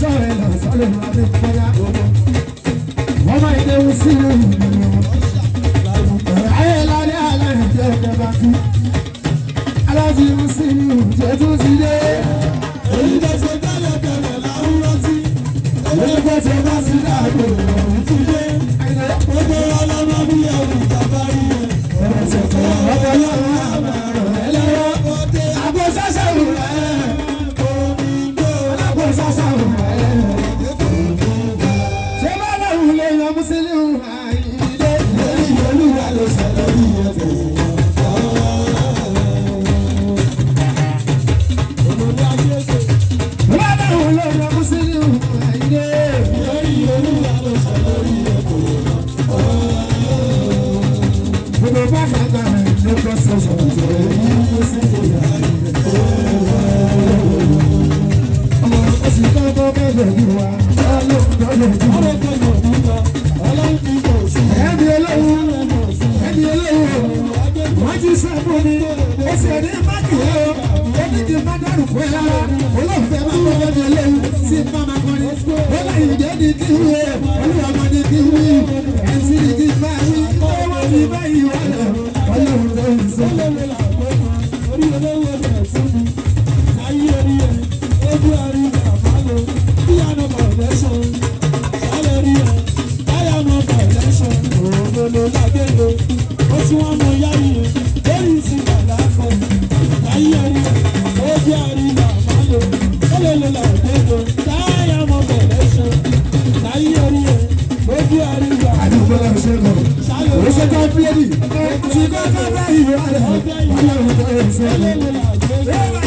sọ̀rọ̀ lọ sọ́lẹ̀ adé kọ́lá owó. wọ́n máa ń léwu sí ìlú ìlú ọ̀rọ̀ ayé lálẹ́ alẹ́ ìjẹ́ ìjọba kú. aláàjì ń sí ìlú ìjẹ́ tó ti dé. èyí ló ṣe tẹ́lẹ̀ tẹ́lẹ̀ láwọn rántí. èyí ló ṣe bá sí dàgbò ọ̀hún ti dé. gbogbo ọlọ́mọ bí ẹ̀rù ìjàmbá rí ẹ̀. ọ̀rọ̀ ṣẹ̀ṣẹ̀ ọ̀rọ̀ ọlọ́run àbẹ̀rẹ̀ Musiliu Ayinde. Lórí Olúwa oh. sọ lórí ẹ̀bẹ̀. Wọ́n bá wọn lọ́jọ́ Musiliu Ayinde. Lórí Olúwa ló sọ lórí ẹ̀bẹ̀. Gbogbo oh. kàkà rẹ̀ ló kọ́ sọ̀rọ̀ ìjọba ní Musiliu Ayinde. Ọmọ oh. kan tó bẹ̀rẹ̀ ní wa, ọlọ́run tó lè oh ẹni olówó ẹni olówó wọ́n ti sẹ́kù ni ó sì ẹni máàkì ó ẹni ti má dárò fún ẹ rárá olóòfẹ́ máa kọ́ ẹni olówó sí máma kọ́ni ó lẹ́yìn ìjẹ́ ni kí wú ẹ olúwa mọ́ ni kí wú ẹ̀sìn ni kí ó wọ́n ti báyìí wà lọ ọlọ́run tó sọ. Oṣù tó ń fiyèdì, tí kò tó bá yìí rẹ̀, wọ́n lè fọ ẹ̀sẹ̀ rẹ̀. Ojú àríwá,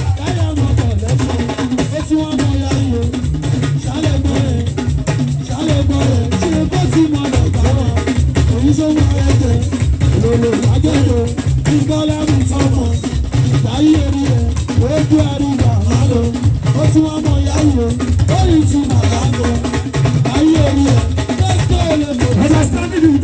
ó tún wá mọ̀ yáwó, ó yìí tún màá.